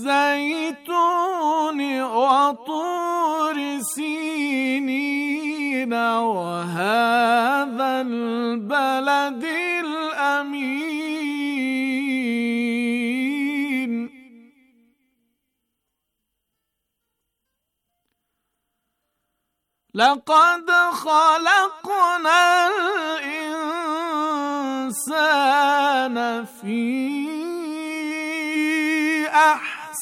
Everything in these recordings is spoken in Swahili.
الزيتون وطور سينين وهذا البلد الأمين لقد خلقنا الإنسان في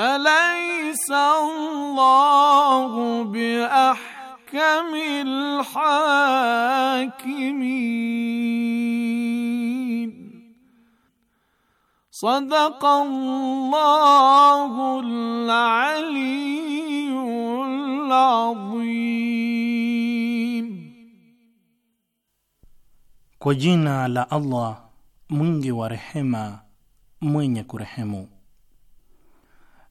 اليس الله باحكم الحاكمين صدق الله العلي العظيم وجينا على الله منجي ورحمه مين يكرهمه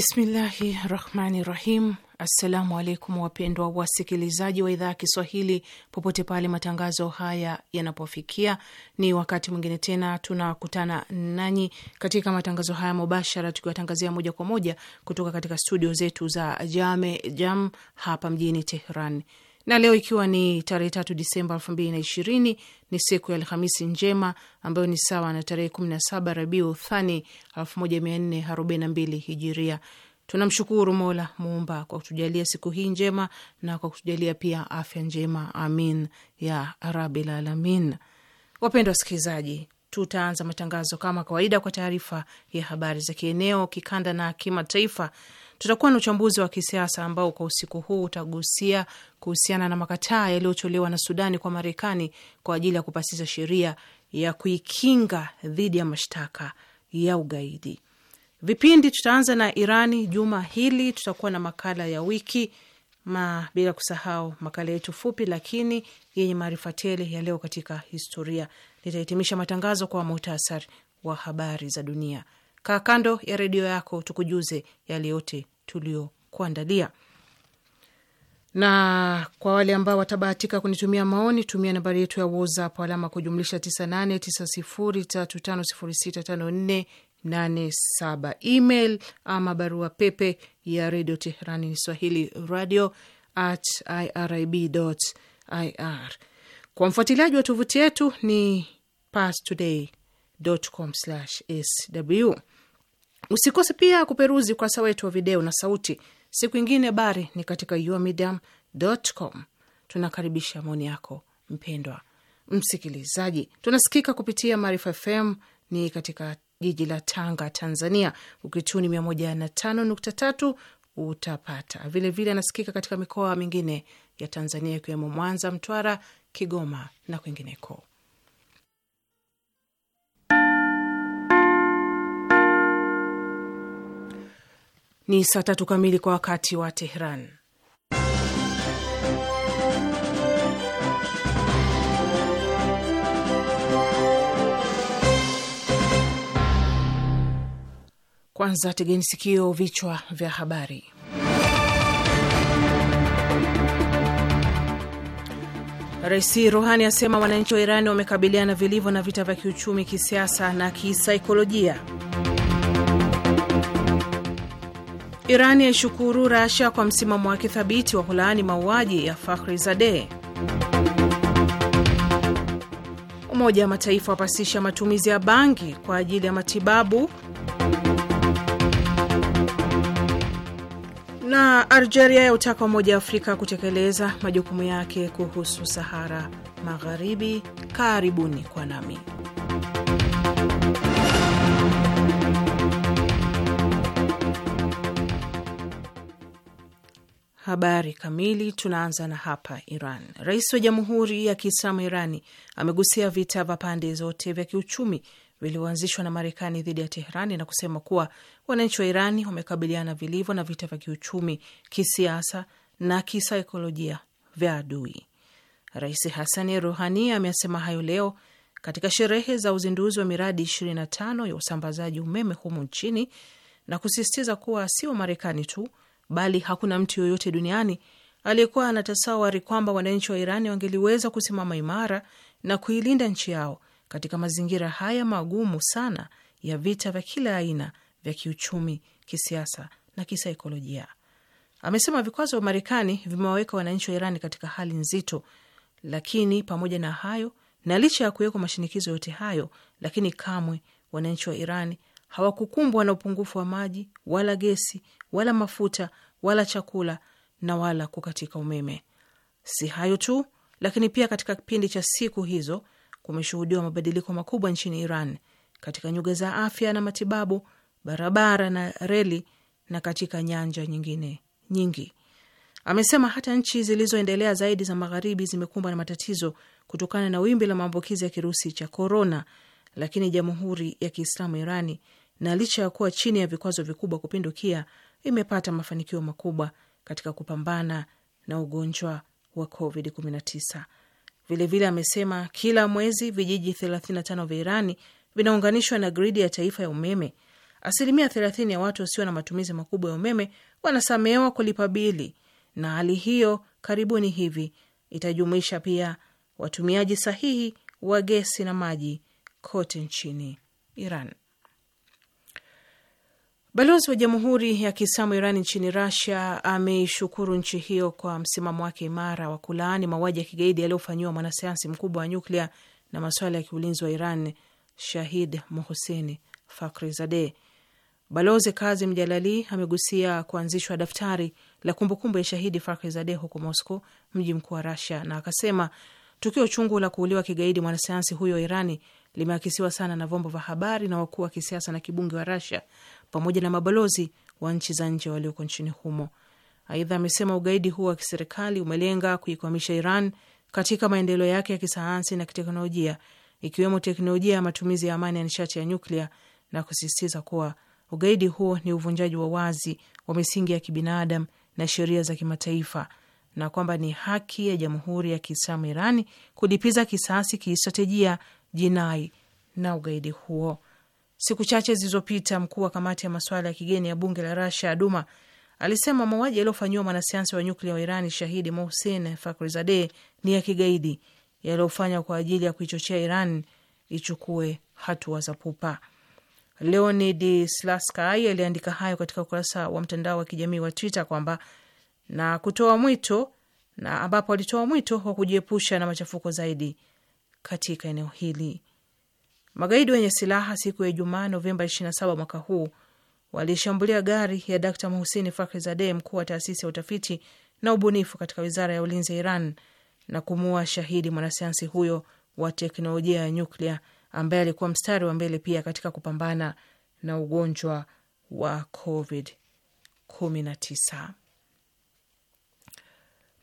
Bismillahi rahmani rahim. Assalamu alaikum wapendwa wasikilizaji wa idhaa ya Kiswahili popote pale matangazo haya yanapofikia, ni wakati mwingine tena tunakutana nanyi katika matangazo haya mubashara, tukiwatangazia moja kwa moja kutoka katika studio zetu za Jame Jam hapa mjini Tehran na leo ikiwa ni tarehe tatu Disemba elfu mbili na ishirini ni siku ya Alhamisi njema ambayo ni sawa na tarehe kumi na saba Rabiu Thani elfu moja mia nne arobaini na mbili Hijiria. Tunamshukuru Mola Muumba kwa kutujalia siku hii njema na kwa kutujalia pia afya njema, amin ya rabil alamin. Wapendwa wasikilizaji, tutaanza matangazo kama kawaida kwa taarifa ya habari za kieneo, kikanda na kimataifa Tutakuwa na uchambuzi wa kisiasa ambao kwa usiku huu utagusia kuhusiana na makataa yaliyotolewa na Sudani kwa Marekani kwa ajili ya kupasisha sheria ya kuikinga dhidi ya mashtaka ya ugaidi. Vipindi tutaanza na Irani juma hili, tutakuwa na makala ya wiki ma, bila kusahau makala yetu fupi lakini yenye maarifa tele ya leo katika historia. Nitahitimisha matangazo kwa muhtasari wa habari za dunia. Kaa kando ya redio yako tukujuze yale yote tuliokuandalia. Na kwa wale ambao watabahatika kunitumia maoni, tumia nambari yetu ya WhatsApp alama kujumlisha 989035065487. Email ama barua pepe ya redio Teherani ni swahili radio at irib ir. Kwa mfuatiliaji wa tovuti yetu ni pastoday sw. Usikose pia kuperuzi ukurasa wetu wa video na sauti siku ingine, bari ni katika umedium.com. Tunakaribisha maoni yako mpendwa msikilizaji. Tunasikika kupitia Maarifa FM ni katika jiji la Tanga, Tanzania, ukituni 105.3 utapata vilevile vile. Anasikika katika mikoa mingine ya Tanzania ikiwemo Mwanza, Mtwara, Kigoma na kwingineko. ni saa tatu kamili kwa wakati wa Tehran. Kwanza tegeni sikio, vichwa vya habari. Rais Rohani asema wananchi wa Irani wamekabiliana vilivyo na vita vya kiuchumi, kisiasa na kisaikolojia. iran yaishukuru Rasha kwa msimamo wake thabiti wa kulaani mauaji ya Zade. Umoja wa Mataifa wapasisha matumizi ya bangi kwa ajili ya matibabu. Na Algeria ya utaka Umoja wa Afrika kutekeleza majukumu yake kuhusu Sahara Magharibi. Karibuni kwa nami Habari kamili tunaanza na hapa Iran. Rais wa Jamhuri ya Kiislamu Irani amegusia vita vya pande zote vya kiuchumi vilivyoanzishwa na Marekani dhidi ya Teherani na kusema kuwa wananchi wa Irani wamekabiliana vilivyo na vita vya kiuchumi, kisiasa na kisaikolojia vya adui. Rais Hasani Ruhani amesema hayo leo katika sherehe za uzinduzi wa miradi 25 ya usambazaji umeme humu nchini na kusisitiza kuwa sio Marekani tu bali hakuna mtu yoyote duniani aliyekuwa anatasawari kwamba wananchi wa Irani wangeliweza kusimama imara na kuilinda nchi yao katika mazingira haya magumu sana ya vita vya kila aina vya kiuchumi, kisiasa na kisaikolojia. Amesema vikwazo vya Marekani vimewaweka wananchi wa Irani katika hali nzito, lakini pamoja na hayo na licha ya kuwekwa mashinikizo yote hayo, lakini kamwe wananchi wa Irani hawakukumbwa na upungufu wa maji wala gesi wala mafuta wala chakula na wala kukatika umeme. Si hayo tu, lakini pia katika kipindi cha siku hizo kumeshuhudiwa mabadiliko makubwa nchini Iran katika nyuga za afya na matibabu, barabara na reli, na katika nyanja nyingine nyingi. Amesema hata nchi zilizoendelea zaidi za magharibi zimekumbwa na matatizo kutokana na wimbi la maambukizi ya kirusi cha korona, lakini Jamhuri ya Kiislamu Irani, na licha ya kuwa chini ya vikwazo vikubwa kupindukia, imepata mafanikio makubwa katika kupambana na ugonjwa wa Covid 19. Vilevile amesema kila mwezi vijiji 35 vya Irani vinaunganishwa na gridi ya taifa ya umeme. Asilimia 30 ya watu wasio na matumizi makubwa ya umeme wanasamehewa kulipa bili, na hali hiyo karibuni hivi itajumuisha pia watumiaji sahihi wa gesi na maji kote nchini Iran. Balozi wa Jamhuri ya Kiislamu Iran nchini Rasia ameishukuru nchi hiyo kwa msimamo wake imara wa kulaani mauaji ya kigaidi yaliyofanyiwa mwanasayansi mkubwa wa nyuklia na masuala ya kiulinzi wa Iran, Shahid Mohuseni Fakhrizadeh. Balozi Kazim Jalali amegusia kuanzishwa daftari la kumbukumbu ya shahidi Fakhrizadeh huko Moscow, mji mkuu wa Rasia, na akasema tukio chungu la kuuliwa kigaidi mwanasayansi huyo wa Irani limeakisiwa sana na vyombo vya habari na wakuu wa kisiasa na kibunge wa Rasia pamoja na mabalozi wa nchi za nje walioko nchini humo. Aidha, amesema ugaidi huo wa kiserikali umelenga kuikwamisha Iran katika maendeleo yake ya kisayansi na kiteknolojia, ikiwemo teknolojia ya matumizi ya amani ya nishati ya nyuklia, na kusisitiza kuwa ugaidi huo ni uvunjaji wa wazi wa misingi ya kibinadamu na sheria za kimataifa na kwamba ni haki ya Jamhuri ya Kiislamu Irani kulipiza kisasi kistrategia jinai na ugaidi huo. Siku chache zilizopita, mkuu wa kamati ya masuala ya kigeni ya bunge la Rasia Duma alisema mauaji yaliyofanyiwa mwanasayansi wa nyuklia wa Irani shahidi Mohsin fakrizade ni ya kigaidi yaliyofanywa kwa ajili ya kuichochea Iran ichukue hatua za pupa. Leonid Slaskai aliandika hayo katika ukurasa wa mtandao wa kijamii wa Twitter kwamba na kutoa mwito na ambapo alitoa mwito wa kujiepusha na machafuko zaidi katika eneo hili. Magaidi wenye silaha siku ya Ijumaa Novemba 27 mwaka huu walishambulia gari ya Dkt Mohusini Fakhrizadeh, mkuu wa taasisi ya utafiti na ubunifu katika wizara ya ulinzi ya Iran na kumuua shahidi mwanasayansi huyo wa teknolojia ya nyuklia ambaye alikuwa mstari wa mbele pia katika kupambana na ugonjwa wa Covid 19.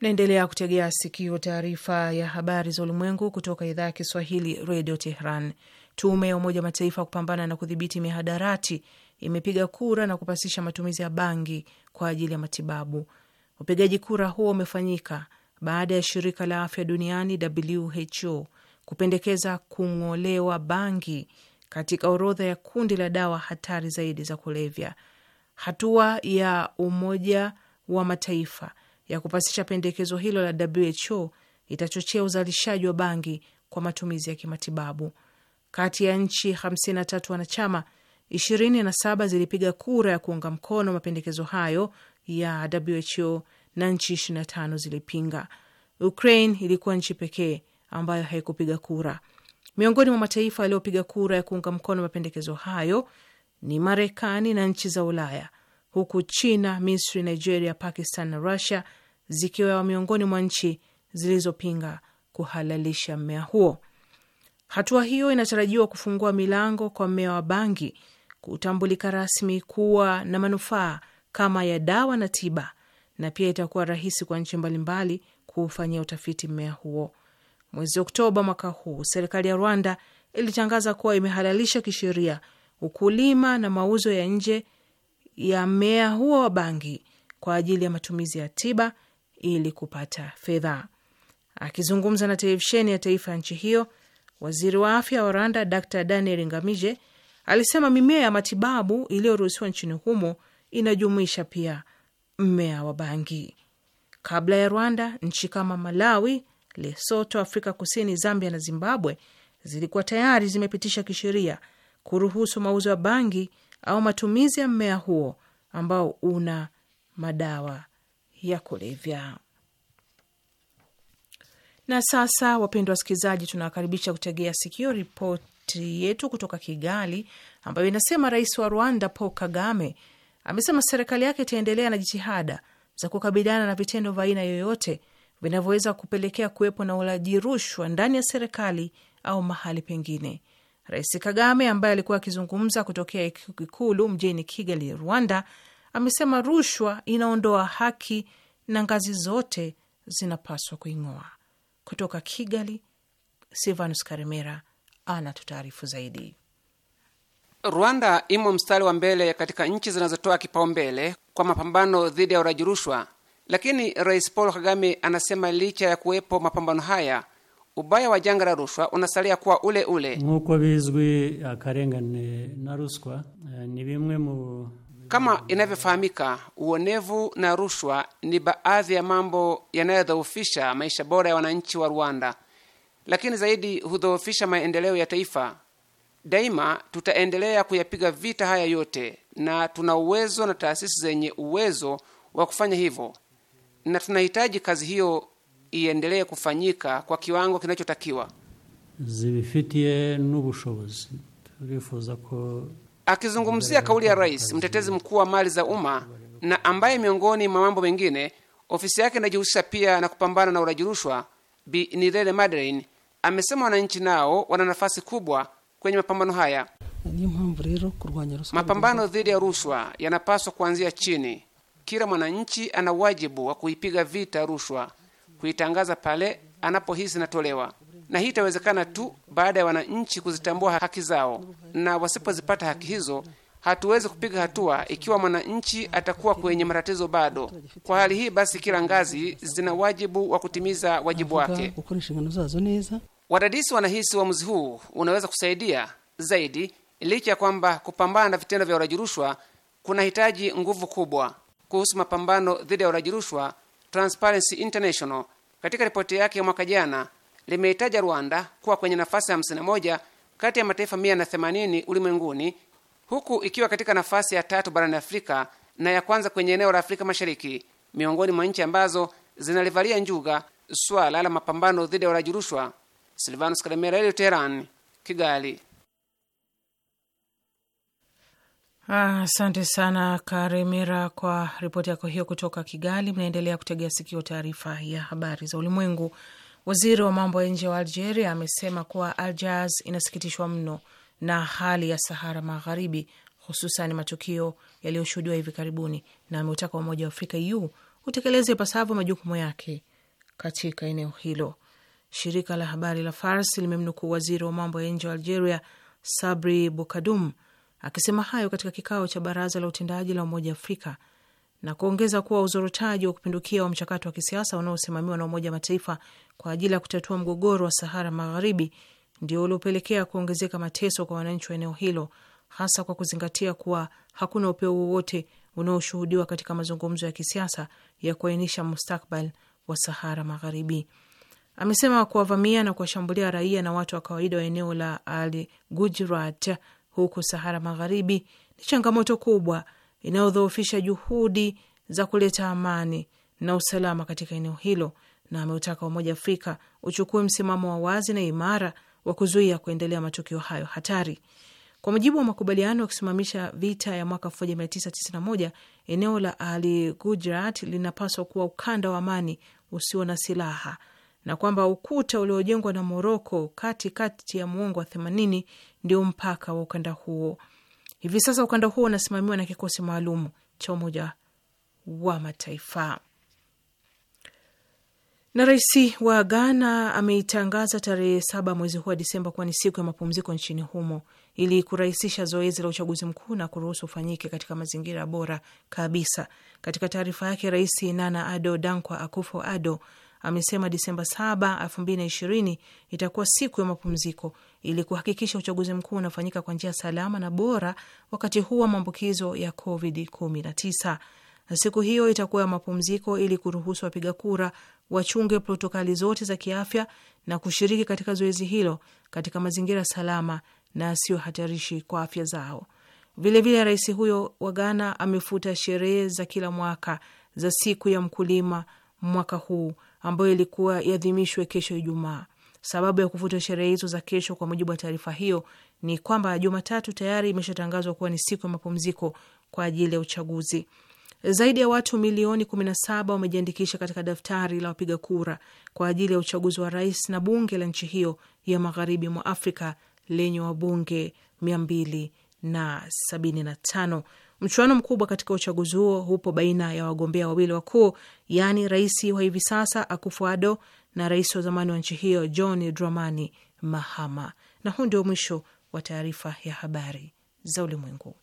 Naendelea kutegea sikio taarifa ya habari za ulimwengu kutoka idhaa ya Kiswahili, Redio Tehran. Tume ya Umoja wa Mataifa kupambana na kudhibiti mihadarati imepiga kura na kupasisha matumizi ya bangi kwa ajili ya matibabu. Upigaji kura huo umefanyika baada ya shirika la afya duniani WHO kupendekeza kung'olewa bangi katika orodha ya kundi la dawa hatari zaidi za kulevya. Hatua ya Umoja wa Mataifa ya kupasisha pendekezo hilo la WHO itachochea uzalishaji wa bangi kwa matumizi ya kimatibabu. Kati ya nchi 53 wanachama, 27 zilipiga kura ya kuunga mkono mapendekezo hayo ya WHO na nchi 25 zilipinga. Ukraine ilikuwa nchi pekee ambayo haikupiga kura. Miongoni mwa mataifa yaliyopiga kura ya kuunga mkono mapendekezo hayo ni Marekani na nchi za Ulaya, huku China, Misri, Nigeria, Pakistan na Rusia zikiwa miongoni mwa nchi zilizopinga kuhalalisha mmea huo. Hatua hiyo inatarajiwa kufungua milango kwa mmea wa bangi kutambulika rasmi kuwa na manufaa kama ya dawa na tiba, na pia itakuwa rahisi kwa nchi mbalimbali kuufanyia utafiti mmea huo. Mwezi Oktoba mwaka huu, serikali ya Rwanda ilitangaza kuwa imehalalisha kisheria ukulima na mauzo ya nje ya mmea huo wa bangi kwa ajili ya matumizi ya tiba ili kupata fedha. Akizungumza na televisheni ya taifa ya nchi hiyo, Waziri wa afya wa Rwanda Dr Daniel Ngamije alisema mimea ya matibabu iliyoruhusiwa nchini humo inajumuisha pia mmea wa bangi. Kabla ya Rwanda, nchi kama Malawi, Lesoto, Afrika Kusini, Zambia na Zimbabwe zilikuwa tayari zimepitisha kisheria kuruhusu mauzo ya bangi au matumizi ya mmea huo ambao una madawa ya kulevya. Na sasa, wapendwa wasikilizaji, tunawakaribisha kutegea sikio ripoti yetu kutoka Kigali ambayo inasema rais wa Rwanda Paul Kagame amesema serikali yake itaendelea na jitihada za kukabiliana na vitendo vya aina yoyote vinavyoweza kupelekea kuwepo na ulaji rushwa ndani ya serikali au mahali pengine. Rais Kagame ambaye alikuwa akizungumza kutokea ikulu mjini Kigali, Rwanda, amesema rushwa inaondoa haki na ngazi zote zinapaswa kuing'oa. Kutoka Kigali, Silvanus Karimera anatutaarifu zaidi. Rwanda imo mstari wa mbele katika nchi zinazotoa kipaumbele kwa mapambano dhidi ya uraji rushwa, lakini Rais Paul Kagame anasema licha ya kuwepo mapambano haya, ubaya wa janga la rushwa unasalia kuwa ule ule. nkuko bizwi akarengane na ruswa eh, ni bimwe mu kama inavyofahamika, uonevu na rushwa ni baadhi ya mambo yanayodhoofisha maisha bora ya wananchi wa Rwanda, lakini zaidi hudhoofisha maendeleo ya taifa. Daima tutaendelea kuyapiga vita haya yote, na tuna uwezo na taasisi zenye uwezo wa kufanya hivyo, na tunahitaji kazi hiyo iendelee kufanyika kwa kiwango kinachotakiwa zibifitiye n'ubushobozi turifuza ko Akizungumzia kauli ya rais, mtetezi mkuu wa mali za umma na ambaye miongoni mwa mambo mengine ofisi yake inajihusisha pia na kupambana na ulaji rushwa, Bi Nirere Madeleine amesema wananchi nao wana nafasi kubwa kwenye mapambano haya. Mapambano dhidi ya rushwa yanapaswa kuanzia chini. Kila mwananchi ana wajibu wa kuipiga vita rushwa, kuitangaza pale anapohisi inatolewa na hii itawezekana tu baada ya wananchi kuzitambua haki zao, na wasipozipata haki hizo hatuwezi kupiga hatua ikiwa mwananchi atakuwa kwenye matatizo bado. Kwa hali hii basi, kila ngazi zina wajibu wa kutimiza wajibu wake. Wadadisi wanahisi uamuzi huu unaweza kusaidia zaidi, licha ya kwamba kupambana na vitendo vya ulaji rushwa kunahitaji nguvu kubwa. Kuhusu mapambano dhidi ya ulaji rushwa, Transparency International katika ripoti yake ya mwaka jana limeitaja Rwanda kuwa kwenye nafasi ya 51 kati ya mataifa 180 ulimwenguni huku ikiwa katika nafasi ya tatu barani Afrika na ya kwanza kwenye eneo la Afrika Mashariki, miongoni mwa nchi ambazo zinalivalia njuga swala la mapambano dhidi ya ulaji rushwa. Silvanus Kalemera, Radio Teheran, Kigali. Ah, asante ah, sana Karemera kwa ripoti yako hiyo kutoka Kigali. Mnaendelea kutegea sikio taarifa ya habari za ulimwengu Waziri wa mambo ya nje wa Algeria amesema kuwa Aljaz inasikitishwa mno na hali ya Sahara Magharibi, hususan matukio yaliyoshuhudiwa hivi karibuni, na ameutaka Umoja wa Afrika u utekeleze ipasavyo majukumu yake katika eneo hilo. Shirika la habari la Fars limemnukuu waziri wa mambo ya nje wa Algeria Sabri Bukadum akisema hayo katika kikao cha baraza la utendaji la Umoja wa Afrika na kuongeza kuwa uzorotaji wa kupindukia wa mchakato wa kisiasa unaosimamiwa na Umoja Mataifa kwa ajili ya kutatua mgogoro wa Sahara Magharibi ndio uliopelekea kuongezeka mateso kwa wananchi wa eneo hilo, hasa kwa kuzingatia kuwa hakuna upeo wowote unaoshuhudiwa katika mazungumzo ya kisiasa ya kuainisha mustakbal wa Sahara Magharibi. Amesema kuwavamia na kuwashambulia raia na watu wa kawaida wa eneo la Al Gujrat huku Sahara Magharibi ni changamoto kubwa inayodhoofisha juhudi za kuleta amani na usalama katika eneo hilo, na ameutaka Umoja wa Afrika uchukue msimamo wa wazi na imara wa kuzuia kuendelea matukio hayo hatari. Kwa mujibu wa makubaliano ya kusimamisha vita ya mwaka 1991 eneo la Ali Gujarat linapaswa kuwa ukanda wa amani usio na silaha na kwamba ukuta uliojengwa na Moroko kati kati ya muongo wa 80 ndio mpaka wa ukanda huo. Hivi sasa ukanda huo unasimamiwa na kikosi maalum cha Umoja wa Mataifa. Na rais wa Ghana ameitangaza tarehe saba mwezi huu wa Disemba kuwa ni siku ya mapumziko nchini humo ili kurahisisha zoezi la uchaguzi mkuu na kuruhusu ufanyike katika mazingira bora kabisa. Katika taarifa yake, Rais Nana Ado Dankwa Akufo Ado amesema Disemba saba elfu mbili na ishirini itakuwa siku ya mapumziko ili kuhakikisha uchaguzi mkuu unafanyika kwa njia salama na bora wakati huu wa maambukizo ya COVID-19. Siku hiyo itakuwa ya mapumziko ili kuruhusu wapiga kura wachunge protokali zote za kiafya na kushiriki katika zoezi hilo katika mazingira salama na yasiyo hatarishi kwa afya zao. Vilevile, rais huyo wa Ghana amefuta sherehe za kila mwaka za siku ya mkulima mwaka huu ambayo ilikuwa iadhimishwe kesho Ijumaa. Sababu ya kufuta sherehe hizo za kesho, kwa mujibu wa taarifa hiyo, ni kwamba Jumatatu tayari imeshatangazwa kuwa ni siku ya mapumziko kwa ajili ya uchaguzi. Zaidi ya watu milioni 17 wamejiandikisha katika daftari la wapiga kura kwa ajili ya uchaguzi wa rais na bunge la nchi hiyo ya magharibi mwa Afrika lenye wabunge 275. Mchuano mkubwa katika uchaguzi huo hupo baina ya wagombea wawili wakuu, yaani rais wa hivi sasa Akufo-Addo na rais wa zamani wa nchi hiyo John Dramani Mahama. Na huu ndio mwisho wa taarifa ya habari za ulimwengu.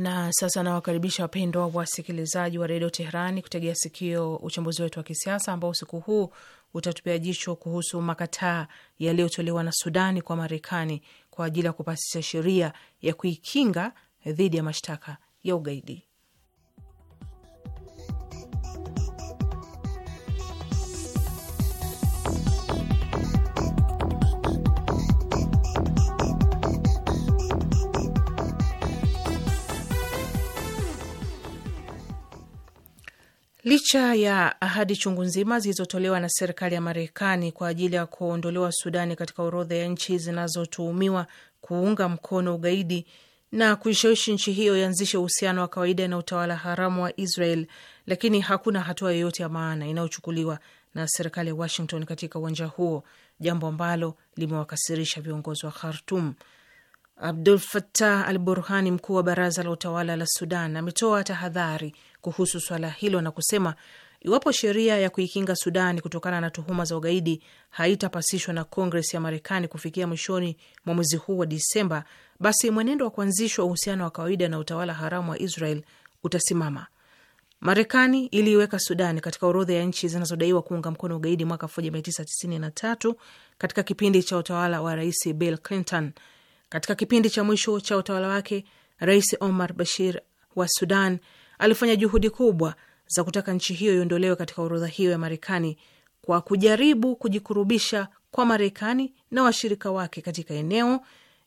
Na sasa nawakaribisha wapendwa wasikilizaji wa redio Teherani kutegea sikio uchambuzi wetu wa kisiasa ambao usiku huu utatupia jicho kuhusu makataa yaliyotolewa na Sudani kwa Marekani kwa ajili ya kupasisha sheria ya kuikinga dhidi ya mashtaka ya ugaidi. Licha ya ahadi chungu nzima zilizotolewa na serikali ya Marekani kwa ajili ya kuondolewa Sudani katika orodha ya nchi zinazotuhumiwa kuunga mkono ugaidi na kuishawishi nchi hiyo ianzishe uhusiano wa kawaida na utawala haramu wa Israel, lakini hakuna hatua yoyote ya maana inayochukuliwa na serikali ya Washington katika uwanja huo, jambo ambalo limewakasirisha viongozi wa Khartum. Abdul fatah al Burhani, mkuu wa baraza la utawala la Sudan, ametoa tahadhari kuhusu swala hilo na kusema iwapo sheria ya kuikinga Sudani kutokana na tuhuma za ugaidi haitapasishwa na Kongres ya Marekani kufikia mwishoni mwa mwezi huu wa Disemba, basi mwenendo wa kuanzishwa uhusiano wa kawaida na utawala haramu wa Israel utasimama. Marekani iliiweka Sudani katika orodha ya nchi zinazodaiwa kuunga mkono ugaidi mwaka 1993 katika kipindi cha utawala wa Rais Bill Clinton. Katika kipindi cha mwisho cha utawala wake, Rais Omar Bashir wa Sudan alifanya juhudi kubwa za kutaka nchi hiyo iondolewe katika orodha hiyo ya Marekani kwa kujaribu kujikurubisha kwa Marekani na washirika wake katika eneo,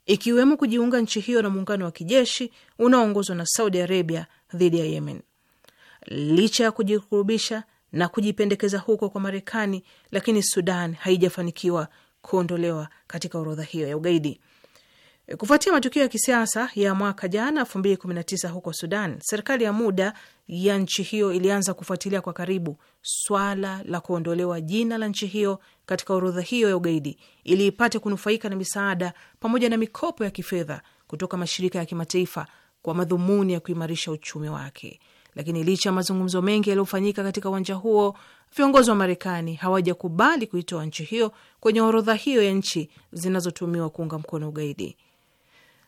ikiwemo kujiunga nchi hiyo na muungano wa kijeshi unaoongozwa na Saudi Arabia dhidi ya Yemen. Licha ya kujikurubisha na kujipendekeza huko kwa Marekani, lakini Sudan haijafanikiwa kuondolewa katika orodha hiyo ya ugaidi. E, kufuatia matukio ya kisiasa ya mwaka jana elfu mbili kumi na tisa huko Sudan, serikali ya muda ya nchi hiyo ilianza kufuatilia kwa karibu swala la kuondolewa jina la nchi hiyo katika orodha hiyo ya ugaidi ili ipate kunufaika na misaada pamoja na mikopo ya kifedha kutoka mashirika ya kimataifa kwa madhumuni ya kuimarisha uchumi wake. Lakini licha ya mazungumzo mengi yaliyofanyika katika uwanja huo, viongozi wa Marekani hawajakubali kuitoa nchi hiyo kwenye orodha hiyo ya nchi zinazotumiwa kuunga mkono ugaidi.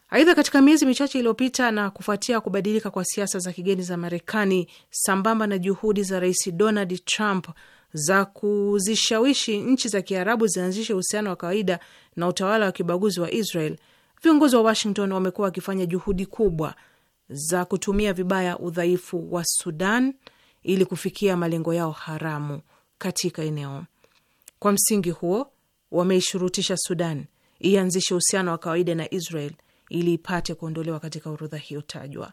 Aidha, katika miezi michache iliyopita na kufuatia kubadilika kwa siasa za kigeni za Marekani sambamba na juhudi za Rais Donald Trump za kuzishawishi nchi za Kiarabu zianzishe uhusiano wa kawaida na utawala wa kibaguzi wa Israel, viongozi wa Washington wamekuwa wakifanya juhudi kubwa za kutumia vibaya udhaifu wa Sudan ili kufikia malengo yao haramu katika eneo. Kwa msingi huo, wameishurutisha Sudan ianzishe uhusiano wa kawaida na Israel ili ipate kuondolewa katika orodha hiyo tajwa.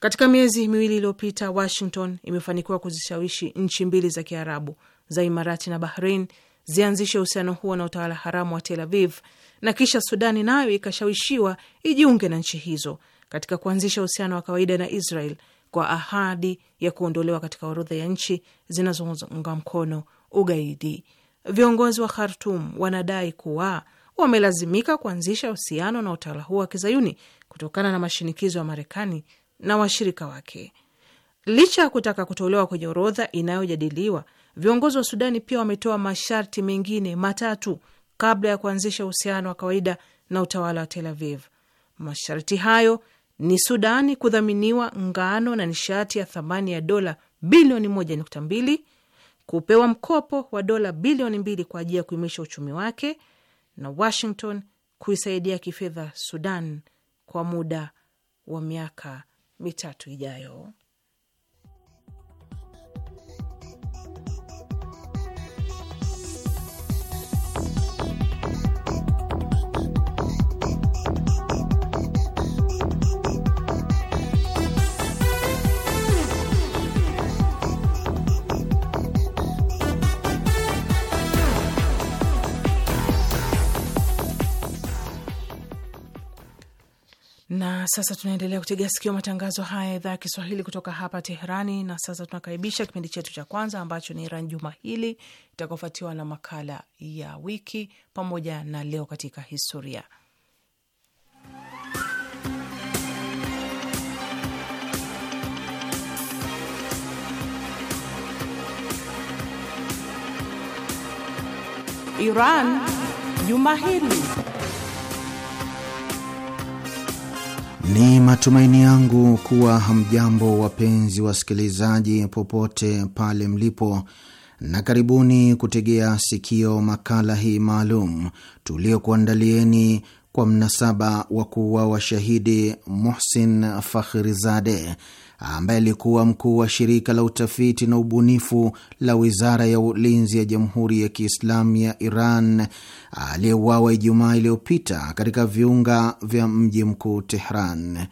Katika miezi miwili iliyopita, Washington imefanikiwa kuzishawishi nchi mbili za Kiarabu za Imarati na Bahrain zianzishe uhusiano huo na utawala haramu wa Tel Aviv, na kisha Sudani nayo ikashawishiwa ijiunge na nchi hizo katika kuanzisha uhusiano wa kawaida na Israel kwa ahadi ya kuondolewa katika orodha ya nchi zinazounga mkono ugaidi. Viongozi wa Khartum wanadai kuwa wamelazimika kuanzisha uhusiano na utawala huo wa kizayuni kutokana na mashinikizo ya Marekani na washirika wake. Licha ya kutaka kutolewa kwenye orodha inayojadiliwa, viongozi wa Sudani pia wametoa masharti mengine matatu kabla ya kuanzisha uhusiano wa kawaida na utawala wa Tel Aviv. Masharti hayo ni Sudani kudhaminiwa ngano na nishati ya thamani ya dola bilioni mbili, kupewa mkopo wa dola bilioni 2 kwa ajili ya kuimarisha uchumi wake na Washington kuisaidia kifedha Sudan kwa muda wa miaka mitatu ijayo. Na sasa tunaendelea kutega sikio matangazo haya ya idhaa ya Kiswahili kutoka hapa Teherani. Na sasa tunakaribisha kipindi chetu cha kwanza ambacho ni Iran juma hili, itakaofuatiwa na makala ya wiki pamoja na leo katika historia. Iran juma hili Ni matumaini yangu kuwa hamjambo wapenzi wasikilizaji, popote pale mlipo, na karibuni kutegea sikio makala hii maalum tuliokuandalieni kwa mnasaba wa kuuawa shahidi Muhsin Fakhrizadeh, ambaye alikuwa mkuu wa shirika la utafiti na ubunifu la wizara ya ulinzi ya Jamhuri ya Kiislamu ya Iran aliyeuawa Ijumaa iliyopita katika viunga vya mji mkuu Tehran.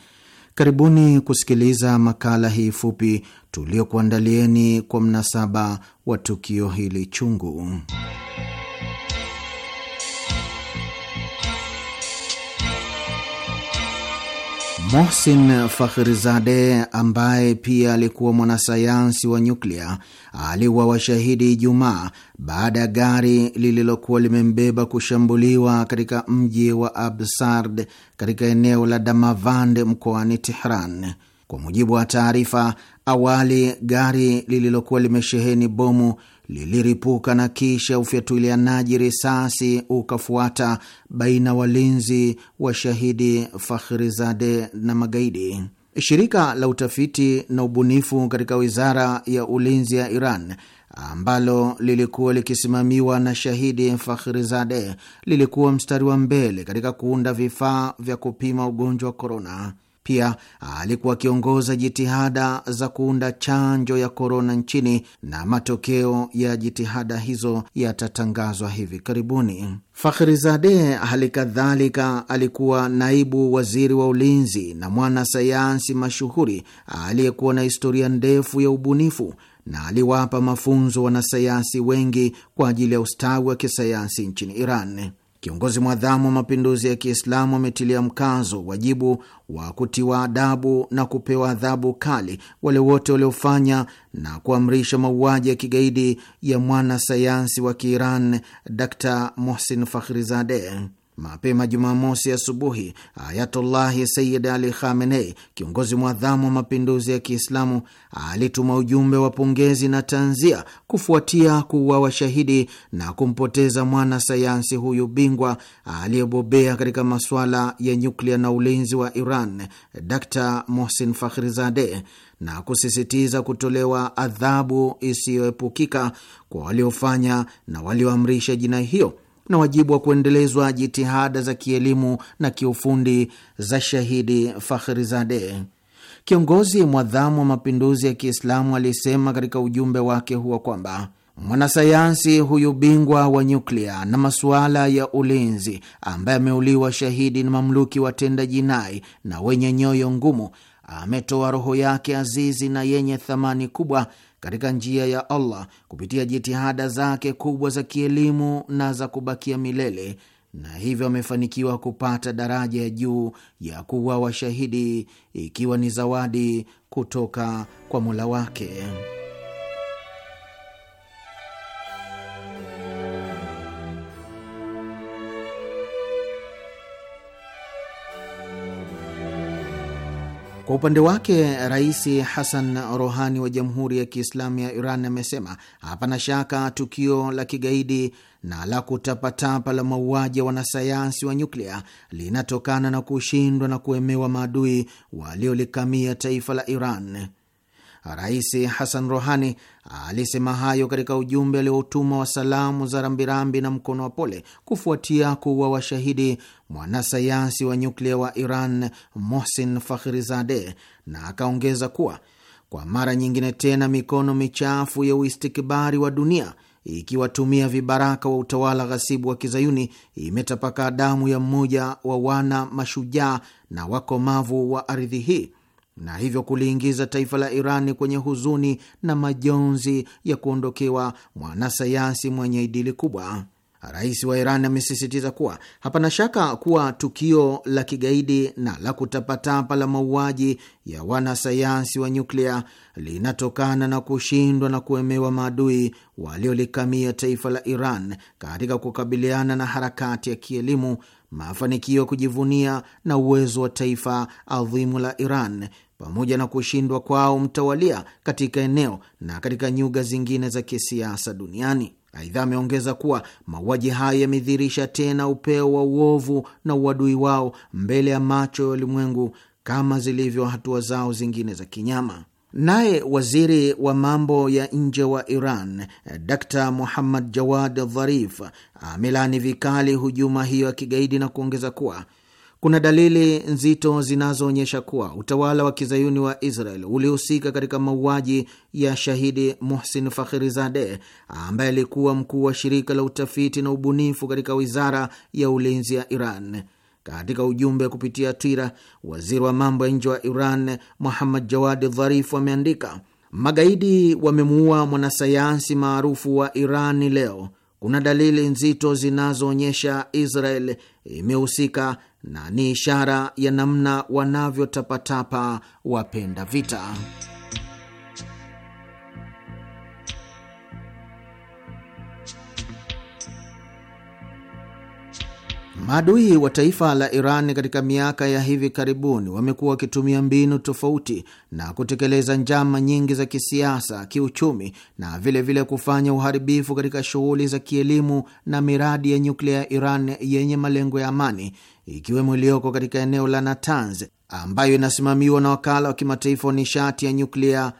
Karibuni kusikiliza makala hii fupi tuliokuandalieni kwa mnasaba wa tukio hili chungu. Mohsin Fakhrizade ambaye pia alikuwa mwanasayansi wa nyuklia aliwa washahidi Ijumaa baada ya gari lililokuwa limembeba kushambuliwa katika mji wa Absard katika eneo la Damavand mkoani Tehran. Kwa mujibu wa taarifa awali, gari lililokuwa limesheheni bomu liliripuka na kisha ufyatulianaji risasi ukafuata baina walinzi wa shahidi Fakhrizade na magaidi. Shirika la utafiti na ubunifu katika wizara ya ulinzi ya Iran ambalo lilikuwa likisimamiwa na shahidi Fakhrizade lilikuwa mstari wa mbele katika kuunda vifaa vya kupima ugonjwa wa korona. Pia alikuwa akiongoza jitihada za kuunda chanjo ya korona nchini na matokeo ya jitihada hizo yatatangazwa hivi karibuni. fakhrizade hali kadhalika alikuwa naibu waziri wa ulinzi na mwana sayansi mashuhuri aliyekuwa na historia ndefu ya ubunifu na aliwapa mafunzo wanasayansi wengi kwa ajili ya ustawi wa kisayansi nchini Iran. Kiongozi mwadhamu wa mapinduzi ya Kiislamu ametilia mkazo wajibu wa kutiwa adabu na kupewa adhabu kali wale wote waliofanya na kuamrisha mauaji ya kigaidi ya mwanasayansi wa Kiiran Dr Mohsin Fakhrizadeh. Mapema Jumamosi asubuhi, Ayatullahi Sayid Ali Khamenei, kiongozi mwadhamu wa mapinduzi ya Kiislamu, alituma ujumbe wa pongezi na tanzia kufuatia kuwa washahidi na kumpoteza mwana sayansi huyu bingwa aliyebobea katika masuala ya nyuklia na ulinzi wa Iran, Dr Mohsin Fakhrizade, na kusisitiza kutolewa adhabu isiyoepukika kwa waliofanya na walioamrisha jinai hiyo na wajibu wa kuendelezwa jitihada za kielimu na kiufundi za shahidi Fakhrizade. Kiongozi mwadhamu wa mapinduzi ya Kiislamu alisema katika ujumbe wake huo kwamba mwanasayansi huyu bingwa wa nyuklia na masuala ya ulinzi ambaye ameuliwa shahidi na mamluki watenda jinai na wenye nyoyo ngumu ametoa roho yake azizi na yenye thamani kubwa katika njia ya Allah kupitia jitihada zake kubwa za kielimu na za kubakia milele, na hivyo amefanikiwa kupata daraja ya juu ya kuwa washahidi, ikiwa ni zawadi kutoka kwa Mola wake. Kwa upande wake Rais Hassan Rohani wa Jamhuri ya Kiislamu ya Iran amesema hapana shaka tukio la kigaidi na la kutapatapa la mauaji ya wanasayansi wa nyuklia linatokana na kushindwa na kuemewa maadui waliolikamia taifa la Iran. Rais Hasan Rohani alisema hayo katika ujumbe aliotuma wa salamu za rambirambi na mkono wa pole kufuatia kuwa washahidi mwanasayansi wa nyuklia wa Iran Mohsin Fakhrizade, na akaongeza kuwa kwa mara nyingine tena mikono michafu ya uistikibari wa dunia ikiwatumia vibaraka wa utawala ghasibu wa kizayuni imetapaka damu ya mmoja wa wana mashujaa na wakomavu wa ardhi hii na hivyo kuliingiza taifa la Iran kwenye huzuni na majonzi ya kuondokewa mwanasayansi mwenye idili kubwa. Rais wa Iran amesisitiza kuwa hapana shaka kuwa tukio la kigaidi na la kutapatapa la mauaji ya wanasayansi wa nyuklia linatokana na kushindwa na kuemewa maadui waliolikamia taifa la Iran katika kukabiliana na harakati ya kielimu mafanikio ya kujivunia na uwezo wa taifa adhimu la Iran pamoja na kushindwa kwao mtawalia katika eneo na katika nyuga zingine za kisiasa duniani. Aidha, ameongeza kuwa mauaji hayo yamedhihirisha tena upeo wa uovu na uadui wao mbele ya macho ya ulimwengu kama zilivyo hatua zao zingine za kinyama. Naye waziri wa mambo ya nje wa Iran Dr Muhammad Jawad Dharif amelani vikali hujuma hiyo ya kigaidi na kuongeza kuwa kuna dalili nzito zinazoonyesha kuwa utawala wa kizayuni wa Israel ulihusika katika mauaji ya shahidi Muhsin fakhirizade ambaye alikuwa mkuu wa shirika la utafiti na ubunifu katika wizara ya ulinzi ya Iran. Katika ujumbe kupitia Twitter, waziri wa mambo ya nje wa Iran Muhammad Jawad Dharif ameandika, magaidi wamemuua mwanasayansi maarufu wa Irani leo. Kuna dalili nzito zinazoonyesha Israel imehusika na ni ishara ya namna wanavyotapatapa wapenda vita. Maadui wa taifa la Iran katika miaka ya hivi karibuni wamekuwa wakitumia mbinu tofauti na kutekeleza njama nyingi za kisiasa, kiuchumi na vilevile vile kufanya uharibifu katika shughuli za kielimu na miradi ya nyuklia ya Iran yenye malengo ya amani, ikiwemo iliyoko katika eneo la Natanz ambayo inasimamiwa na wakala wa kimataifa wa nishati ya nyuklia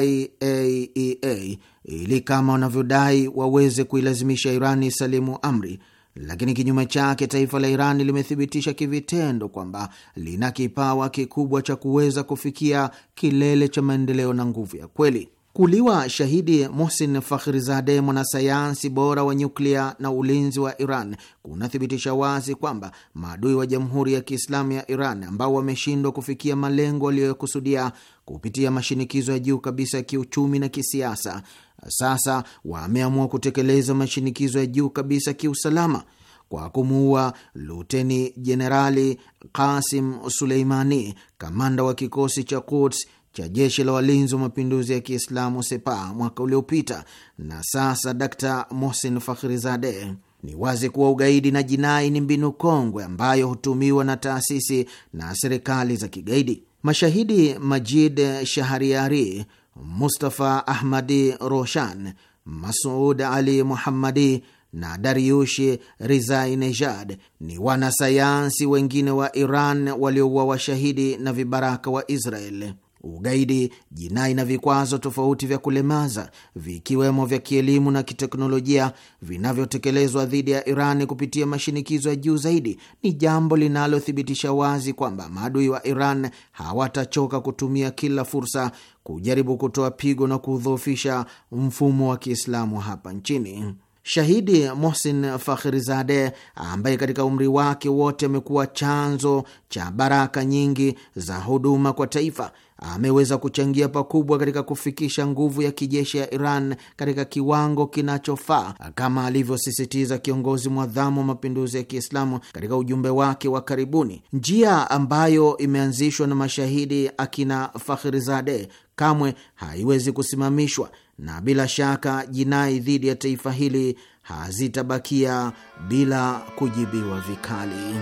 IAEA e ili kama wanavyodai waweze kuilazimisha Irani salimu amri lakini kinyume chake taifa la Iran limethibitisha kivitendo kwamba lina kipawa kikubwa cha kuweza kufikia kilele cha maendeleo na nguvu ya kweli. Kuliwa shahidi Mohsin Fakhrizadeh, mwanasayansi bora wa nyuklia na ulinzi wa Iran, kunathibitisha wazi kwamba maadui wa Jamhuri ya Kiislamu ya Iran ambao wameshindwa kufikia malengo waliyokusudia kupitia mashinikizo ya juu kabisa ya kiuchumi na kisiasa, sasa wameamua kutekeleza mashinikizo ya juu kabisa kiusalama kwa kumuua luteni jenerali Kasim Suleimani, kamanda wa kikosi cha Quds cha jeshi la walinzi wa mapinduzi ya Kiislamu sepa mwaka uliopita, na sasa Dr Mohsin Fakhrizade. Ni wazi kuwa ugaidi na jinai ni mbinu kongwe ambayo hutumiwa na taasisi na serikali za kigaidi. Mashahidi Majid Shahariari Mustafa Ahmadi Roshan, Masud Ali Muhammadi na Dariushi Rizai Nejad ni wanasayansi wengine wa Iran waliouawa washahidi na vibaraka wa Israel ugaidi, jinai na vikwazo tofauti vya kulemaza vikiwemo vya kielimu na kiteknolojia vinavyotekelezwa dhidi ya Iran kupitia mashinikizo ya juu zaidi, ni jambo linalothibitisha wazi kwamba maadui wa Iran hawatachoka kutumia kila fursa kujaribu kutoa pigo na kudhoofisha mfumo wa Kiislamu hapa nchini. Shahidi Mohsin Fakhrizade, ambaye katika umri wake wote amekuwa chanzo cha baraka nyingi za huduma kwa taifa ameweza kuchangia pakubwa katika kufikisha nguvu ya kijeshi ya Iran katika kiwango kinachofaa kama alivyosisitiza kiongozi mwadhamu wa mapinduzi ya Kiislamu katika ujumbe wake wa karibuni. Njia ambayo imeanzishwa na mashahidi akina Fakhrizade kamwe haiwezi kusimamishwa, na bila shaka jinai dhidi ya taifa hili hazitabakia bila kujibiwa vikali.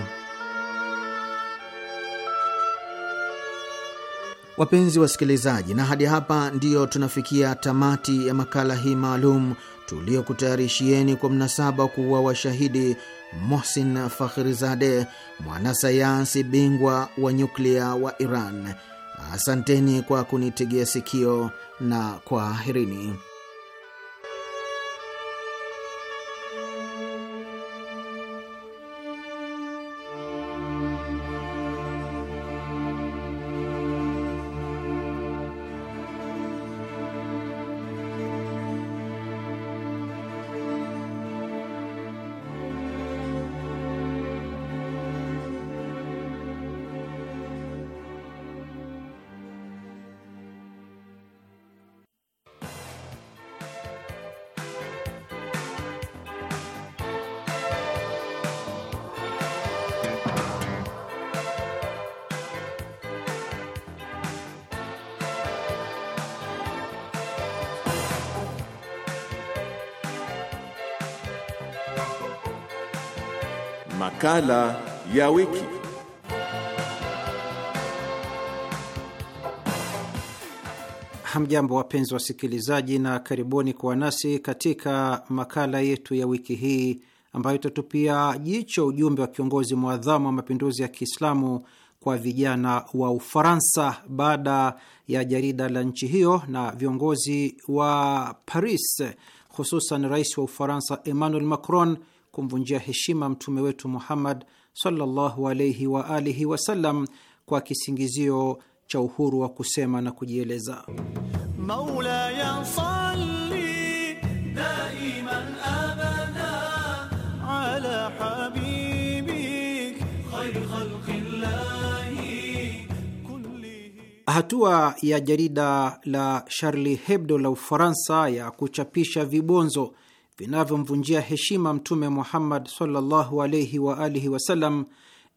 Wapenzi wasikilizaji, na hadi hapa ndiyo tunafikia tamati ya makala hii maalum tuliyokutayarishieni kwa mnasaba kuwa washahidi Mohsin Fakhrizade, mwanasayansi bingwa wa nyuklia wa Iran. Asanteni kwa kunitegea sikio na kwaherini. makala ya wiki. Hamjambo, wapenzi wasikilizaji, na karibuni kuwa nasi katika makala yetu ya wiki hii ambayo itatupia jicho ujumbe wa kiongozi mwadhamu wa mapinduzi ya Kiislamu kwa vijana wa Ufaransa baada ya jarida la nchi hiyo na viongozi wa Paris, hususan rais wa Ufaransa Emmanuel Macron kumvunjia heshima mtume wetu Muhammad sallallahu alaihi wa alihi wasallam kwa kisingizio cha uhuru wa kusema na kujieleza. ya salli daiman abada ala habibik khalqillahi kullihi. Hatua ya jarida la Charlie Hebdo la Ufaransa ya kuchapisha vibonzo vinavyomvunjia heshima Mtume Muhammad sallallahu alaihi wasallam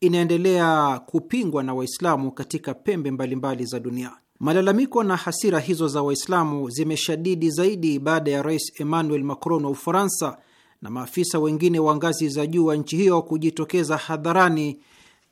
inaendelea kupingwa na Waislamu katika pembe mbalimbali za dunia. Malalamiko na hasira hizo za Waislamu zimeshadidi zaidi baada ya Rais Emmanuel Macron wa Ufaransa na maafisa wengine wa ngazi za juu wa nchi hiyo kujitokeza hadharani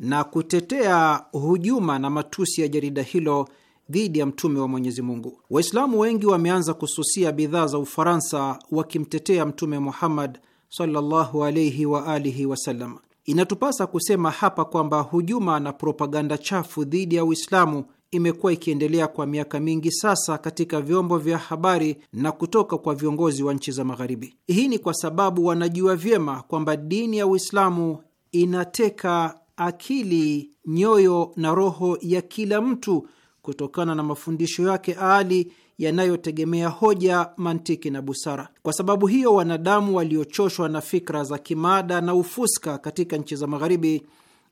na kutetea hujuma na matusi ya jarida hilo dhidi ya mtume wa Mwenyezi Mungu. Waislamu wengi wameanza kususia bidhaa za Ufaransa wakimtetea Mtume Muhammad sallallahu alayhi wa alihi wasallam. Inatupasa kusema hapa kwamba hujuma na propaganda chafu dhidi ya Uislamu imekuwa ikiendelea kwa miaka mingi sasa katika vyombo vya habari na kutoka kwa viongozi wa nchi za Magharibi. Hii ni kwa sababu wanajua vyema kwamba dini ya Uislamu inateka akili, nyoyo na roho ya kila mtu kutokana na mafundisho yake aali yanayotegemea hoja, mantiki na busara. Kwa sababu hiyo, wanadamu waliochoshwa na fikra za kimaada na ufuska katika nchi za Magharibi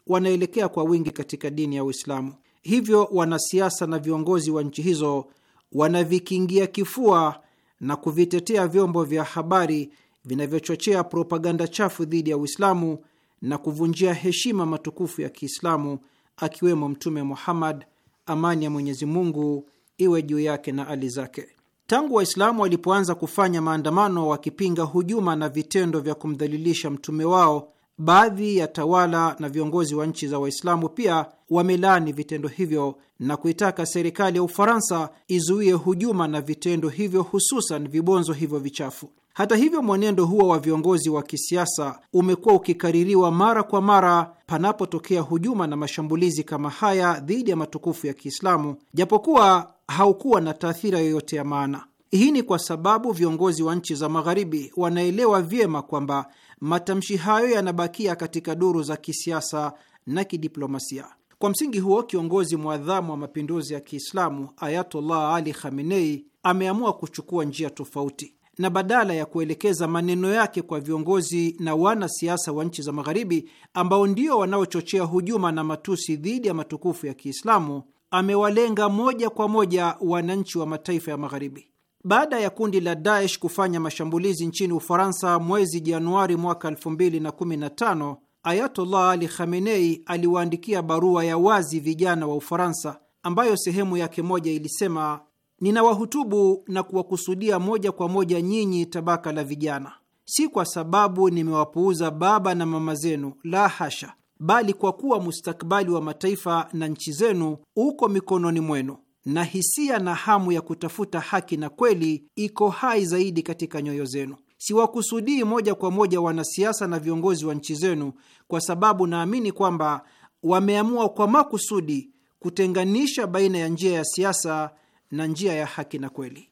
wanaelekea kwa wingi katika dini ya Uislamu. Hivyo wanasiasa na viongozi wa nchi hizo wanavikingia kifua na kuvitetea vyombo vya habari vinavyochochea propaganda chafu dhidi ya Uislamu na kuvunjia heshima matukufu ya Kiislamu, akiwemo Mtume Muhammad amani ya Mwenyezi Mungu iwe juu yake na ali zake. Tangu Waislamu walipoanza kufanya maandamano wakipinga hujuma na vitendo vya kumdhalilisha mtume wao, baadhi ya tawala na viongozi wa nchi za Waislamu pia wamelaani vitendo hivyo na kuitaka serikali ya Ufaransa izuie hujuma na vitendo hivyo, hususan vibonzo hivyo vichafu. Hata hivyo, mwenendo huo wa viongozi wa kisiasa umekuwa ukikaririwa mara kwa mara panapotokea hujuma na mashambulizi kama haya dhidi ya matukufu ya Kiislamu, japokuwa haukuwa na taathira yoyote ya maana. Hii ni kwa sababu viongozi wa nchi za Magharibi wanaelewa vyema kwamba matamshi hayo yanabakia katika duru za kisiasa na kidiplomasia. Kwa msingi huo, kiongozi mwadhamu wa mapinduzi ya Kiislamu Ayatollah Ali Khamenei ameamua kuchukua njia tofauti na badala ya kuelekeza maneno yake kwa viongozi na wanasiasa wa nchi za Magharibi ambao ndio wanaochochea hujuma na matusi dhidi ya matukufu ya Kiislamu, amewalenga moja kwa moja wananchi wa mataifa ya Magharibi. Baada ya kundi la Daesh kufanya mashambulizi nchini Ufaransa mwezi Januari mwaka 2015, Ayatollah Ali Khamenei aliwaandikia barua ya wazi vijana wa Ufaransa ambayo sehemu yake moja ilisema ninawahutubu na kuwakusudia moja kwa moja nyinyi tabaka la vijana, si kwa sababu nimewapuuza baba na mama zenu, la hasha, bali kwa kuwa mustakbali wa mataifa na nchi zenu uko mikononi mwenu na hisia na hamu ya kutafuta haki na kweli iko hai zaidi katika nyoyo zenu. Siwakusudii moja kwa moja wanasiasa na viongozi wa nchi zenu, kwa sababu naamini kwamba wameamua kwa makusudi kutenganisha baina ya njia ya siasa na njia ya haki na kweli.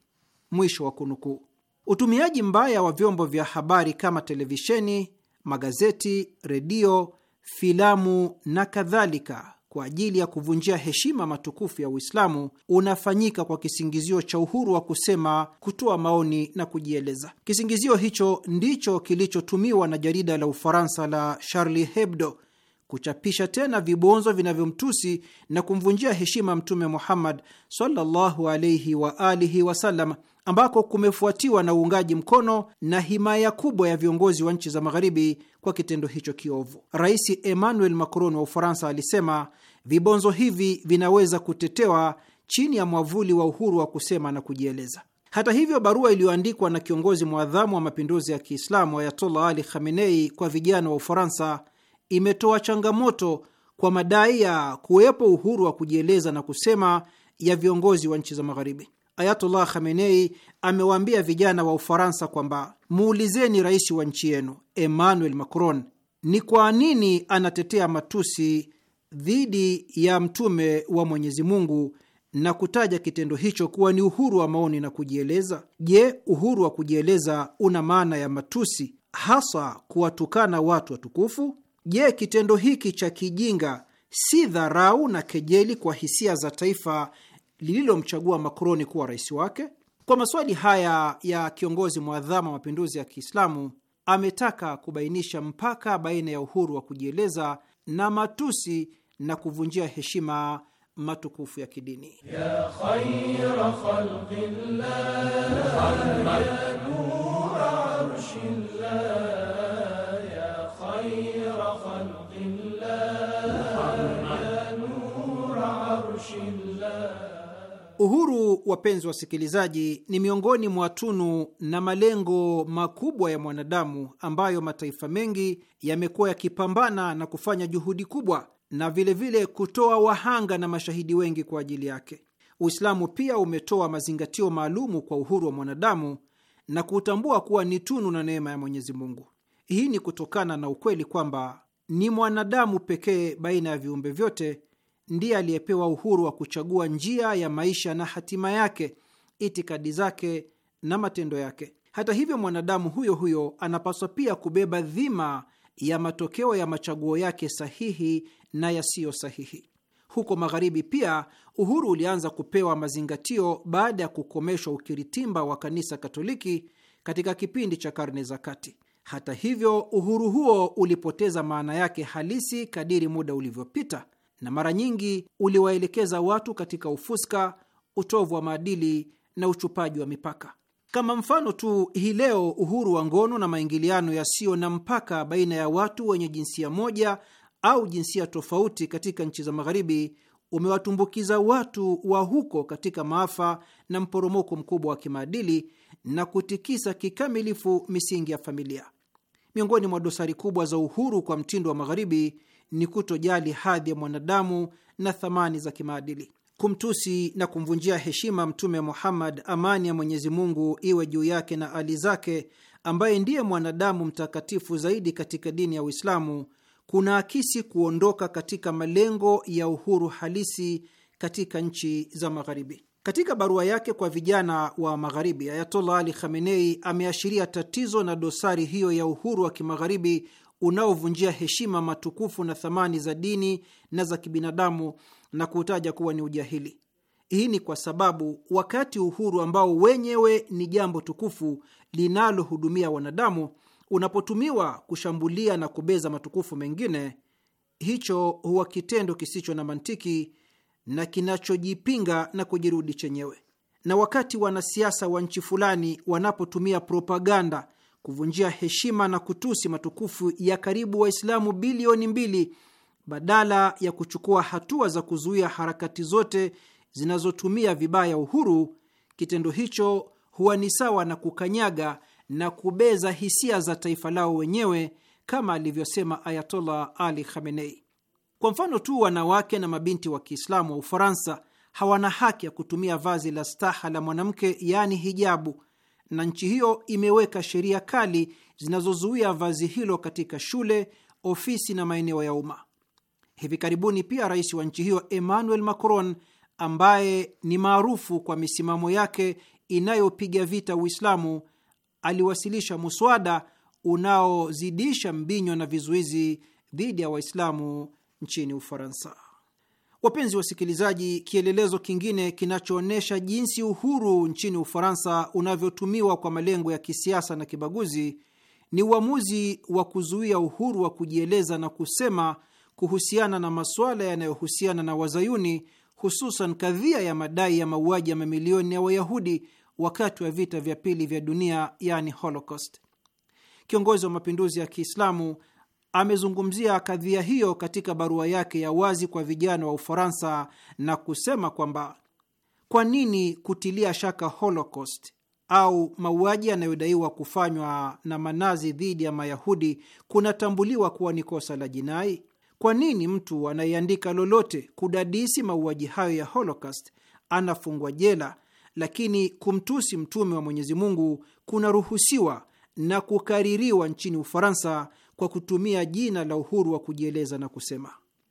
Mwisho wa kunukuu. Utumiaji mbaya wa vyombo vya habari kama televisheni, magazeti, redio, filamu na kadhalika kwa ajili ya kuvunjia heshima matukufu ya Uislamu unafanyika kwa kisingizio cha uhuru wa kusema, kutoa maoni na kujieleza. Kisingizio hicho ndicho kilichotumiwa na jarida la Ufaransa la Charlie Hebdo kuchapisha tena vibonzo vinavyomtusi na kumvunjia heshima Mtume Muhammad sallallahu alaihi wa alihi wasallam, ambako kumefuatiwa na uungaji mkono na himaya kubwa ya viongozi wa nchi za Magharibi kwa kitendo hicho kiovu. Rais Emmanuel Macron wa Ufaransa alisema vibonzo hivi vinaweza kutetewa chini ya mwavuli wa uhuru wa kusema na kujieleza. Hata hivyo, barua iliyoandikwa na kiongozi mwadhamu wa mapinduzi ya Kiislamu Ayatollah Ali Khamenei kwa vijana wa Ufaransa imetoa changamoto kwa madai ya kuwepo uhuru wa kujieleza na kusema ya viongozi wa nchi za Magharibi. Ayatullah Khamenei amewaambia vijana wa Ufaransa kwamba muulizeni rais wa nchi yenu Emmanuel Macron ni kwa nini anatetea matusi dhidi ya mtume wa Mwenyezi Mungu na kutaja kitendo hicho kuwa ni uhuru wa maoni na kujieleza. Je, uhuru wa kujieleza una maana ya matusi, hasa kuwatukana watu watukufu? Je, kitendo hiki cha kijinga si dharau na kejeli kwa hisia za taifa lililomchagua Makroni kuwa rais wake? Kwa maswali haya ya kiongozi mwadhama wa mapinduzi ya Kiislamu, ametaka kubainisha mpaka baina ya uhuru wa kujieleza na matusi na kuvunjia heshima matukufu ya kidini ya Uhuru, wapenzi wasikilizaji, ni miongoni mwa tunu na malengo makubwa ya mwanadamu ambayo mataifa mengi yamekuwa yakipambana na kufanya juhudi kubwa na vilevile vile kutoa wahanga na mashahidi wengi kwa ajili yake. Uislamu pia umetoa mazingatio maalumu kwa uhuru wa mwanadamu na kuutambua kuwa ni tunu na neema ya Mwenyezi Mungu. Hii ni kutokana na ukweli kwamba ni mwanadamu pekee baina ya viumbe vyote ndiye aliyepewa uhuru wa kuchagua njia ya maisha na hatima yake, itikadi zake na matendo yake. Hata hivyo, mwanadamu huyo huyo anapaswa pia kubeba dhima ya matokeo ya machaguo yake sahihi na yasiyo sahihi. Huko Magharibi pia uhuru ulianza kupewa mazingatio baada ya kukomeshwa ukiritimba wa kanisa Katoliki katika kipindi cha karne za kati. Hata hivyo, uhuru huo ulipoteza maana yake halisi kadiri muda ulivyopita, na mara nyingi uliwaelekeza watu katika ufuska, utovu wa maadili na uchupaji wa mipaka. Kama mfano tu, hii leo uhuru wa ngono na maingiliano yasiyo na mpaka baina ya watu wenye jinsia moja au jinsia tofauti katika nchi za Magharibi umewatumbukiza watu wa huko katika maafa na mporomoko mkubwa wa kimaadili na kutikisa kikamilifu misingi ya familia. Miongoni mwa dosari kubwa za uhuru kwa mtindo wa Magharibi ni kutojali hadhi ya mwanadamu na thamani za kimaadili. Kumtusi na kumvunjia heshima Mtume Muhammad, amani ya Mwenyezi Mungu iwe juu yake na ali zake, ambaye ndiye mwanadamu mtakatifu zaidi katika dini ya Uislamu, kuna akisi kuondoka katika malengo ya uhuru halisi katika nchi za Magharibi. Katika barua yake kwa vijana wa Magharibi, Ayatollah Ali Khamenei ameashiria tatizo na dosari hiyo ya uhuru wa kimagharibi unaovunjia heshima matukufu na thamani za dini na za kibinadamu na kuutaja kuwa ni ujahili. Hii ni kwa sababu wakati uhuru ambao wenyewe ni jambo tukufu linalohudumia wanadamu unapotumiwa kushambulia na kubeza matukufu mengine, hicho huwa kitendo kisicho na mantiki na kinachojipinga na kujirudi chenyewe. Na wakati wanasiasa wa nchi fulani wanapotumia propaganda kuvunjia heshima na kutusi matukufu ya karibu Waislamu bilioni mbili badala ya kuchukua hatua za kuzuia harakati zote zinazotumia vibaya uhuru, kitendo hicho huwa ni sawa na kukanyaga na kubeza hisia za taifa lao wenyewe, kama alivyosema Ayatollah Ali Khamenei. Kwa mfano tu, wanawake na mabinti wa Kiislamu wa Ufaransa hawana haki ya kutumia vazi la staha la mwanamke, yaani hijabu, na nchi hiyo imeweka sheria kali zinazozuia vazi hilo katika shule, ofisi na maeneo ya umma. Hivi karibuni pia rais wa nchi hiyo Emmanuel Macron, ambaye ni maarufu kwa misimamo yake inayopiga vita Uislamu, aliwasilisha muswada unaozidisha mbinyo na vizuizi dhidi ya Waislamu nchini Ufaransa. Wapenzi wasikilizaji, kielelezo kingine kinachoonyesha jinsi uhuru nchini Ufaransa unavyotumiwa kwa malengo ya kisiasa na kibaguzi ni uamuzi wa kuzuia uhuru wa kujieleza na kusema kuhusiana na masuala yanayohusiana na Wazayuni, hususan kadhia ya madai ya mauaji ya mamilioni ya Wayahudi wakati wa vita vya pili vya dunia, yani Holocaust. Kiongozi wa mapinduzi ya Kiislamu amezungumzia kadhia hiyo katika barua yake ya wazi kwa vijana wa Ufaransa na kusema kwamba kwa nini kutilia shaka Holocaust au mauaji yanayodaiwa kufanywa na manazi dhidi ya Mayahudi kunatambuliwa kuwa ni kosa la jinai? Kwa nini mtu anayeandika lolote kudadisi mauaji hayo ya Holocaust anafungwa jela, lakini kumtusi mtume wa Mwenyezi Mungu kunaruhusiwa na kukaririwa nchini Ufaransa kwa kutumia jina la uhuru wa kujieleza na kusema.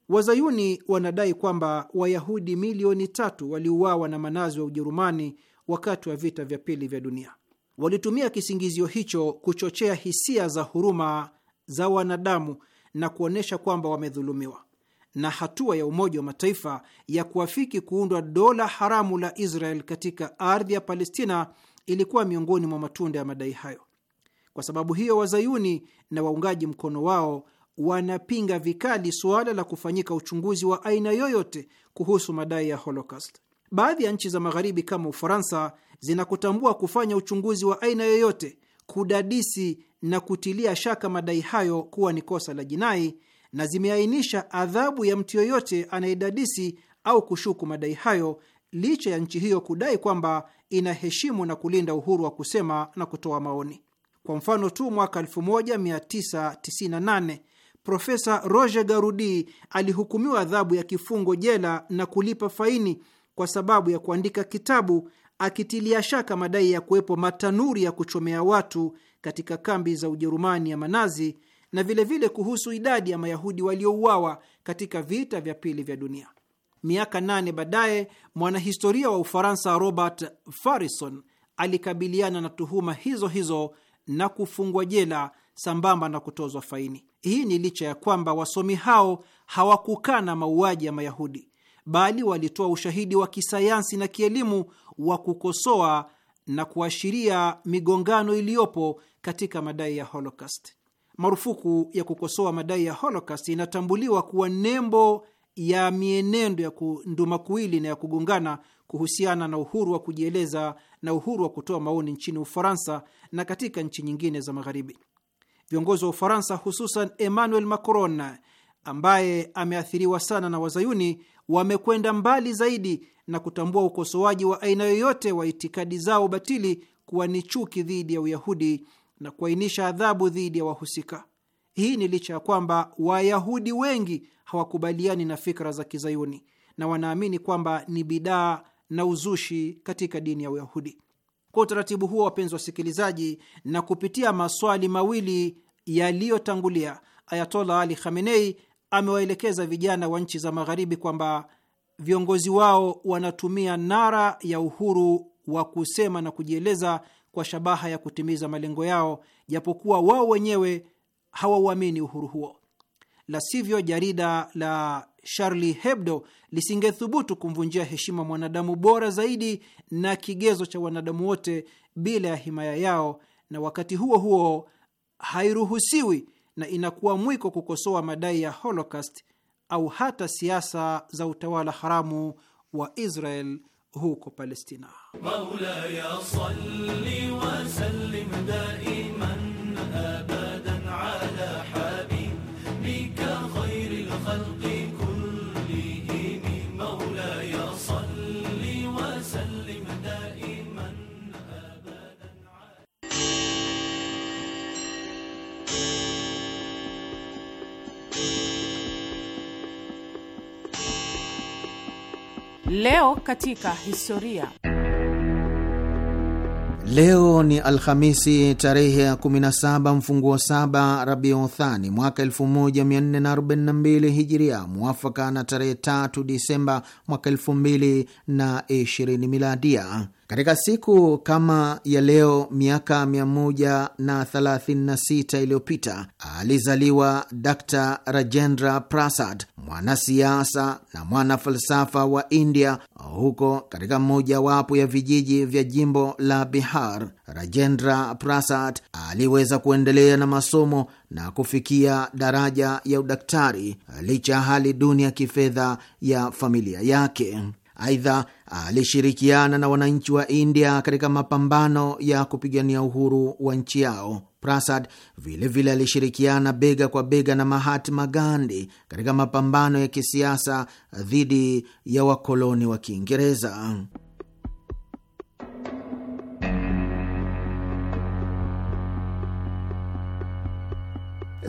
Wazayuni wanadai kwamba Wayahudi milioni tatu waliuawa na manazi wa Ujerumani wakati wa vita vya pili vya dunia. Walitumia kisingizio hicho kuchochea hisia za huruma za wanadamu na kuonyesha kwamba wamedhulumiwa. Na hatua ya Umoja wa Mataifa ya kuafiki kuundwa dola haramu la Israel katika ardhi ya Palestina ilikuwa miongoni mwa matunda ya madai hayo. Kwa sababu hiyo, Wazayuni na waungaji mkono wao wanapinga vikali suala la kufanyika uchunguzi wa aina yoyote kuhusu madai ya Holocaust. Baadhi ya nchi za Magharibi kama Ufaransa zinakutambua kufanya uchunguzi wa aina yoyote, kudadisi na kutilia shaka madai hayo kuwa ni kosa la jinai, na zimeainisha adhabu ya mtu yoyote anayedadisi au kushuku madai hayo, licha ya nchi hiyo kudai kwamba inaheshimu na kulinda uhuru wa kusema na kutoa maoni. Kwa mfano tu, mwaka 1998 Profesa Roger Garudi alihukumiwa adhabu ya kifungo jela na kulipa faini kwa sababu ya kuandika kitabu akitilia shaka madai ya kuwepo matanuri ya kuchomea watu katika kambi za Ujerumani ya Manazi na vilevile vile kuhusu idadi ya Mayahudi waliouawa katika vita vya pili vya dunia. Miaka nane baadaye, mwanahistoria wa Ufaransa Robert Farison alikabiliana na tuhuma hizo hizo na kufungwa jela sambamba na kutozwa faini. Hii ni licha ya kwamba wasomi hao hawakukana mauaji ya Mayahudi, bali walitoa ushahidi wa kisayansi na kielimu wa kukosoa na kuashiria migongano iliyopo katika madai ya Holocaust. Marufuku ya kukosoa madai ya Holocaust inatambuliwa kuwa nembo ya mienendo ya kundumakuwili na ya kugongana kuhusiana na uhuru wa kujieleza na uhuru wa kutoa maoni nchini Ufaransa na katika nchi nyingine za Magharibi. Viongozi wa Ufaransa, hususan Emmanuel Macron ambaye ameathiriwa sana na Wazayuni, wamekwenda mbali zaidi na kutambua ukosoaji wa aina yoyote wa itikadi zao batili kuwa ni chuki dhidi ya Uyahudi na kuainisha adhabu dhidi ya wahusika. Hii ni licha ya kwamba Wayahudi wengi hawakubaliani na fikra za Kizayuni na wanaamini kwamba ni bidaa na uzushi katika dini ya Uyahudi. Kwa utaratibu huo, wapenzi wasikilizaji, na kupitia maswali mawili yaliyotangulia, Ayatola Ali Khamenei amewaelekeza vijana wa nchi za Magharibi kwamba viongozi wao wanatumia nara ya uhuru wa kusema na kujieleza kwa shabaha ya kutimiza malengo yao, japokuwa wao wenyewe hawauamini uhuru huo. La sivyo, jarida la Charlie Hebdo lisingethubutu kumvunjia heshima mwanadamu bora zaidi na kigezo cha wanadamu wote bila ya himaya yao, na wakati huo huo hairuhusiwi na inakuwa mwiko kukosoa madai ya Holocaust au hata siasa za utawala haramu wa Israel huko Palestina. ya salli wa sallim daima Leo katika historia. Leo ni Alhamisi tarehe ya 17 mfunguo saba Rabiu Thani mwaka 1442 Hijiria, muafaka na tarehe 3 Disemba mwaka 2020 Miladia. Katika siku kama ya leo miaka 136 iliyopita alizaliwa Dr Rajendra Prasad, mwanasiasa na mwana falsafa wa India, huko katika mmojawapo ya vijiji vya jimbo la Bihar. Rajendra Prasad aliweza kuendelea na masomo na kufikia daraja ya udaktari licha ya hali duni ya kifedha ya familia yake. Aidha, alishirikiana na wananchi wa India katika mapambano ya kupigania uhuru wa nchi yao. Prasad vilevile vile alishirikiana bega kwa bega na Mahatma Gandhi katika mapambano ya kisiasa dhidi ya wakoloni wa Kiingereza.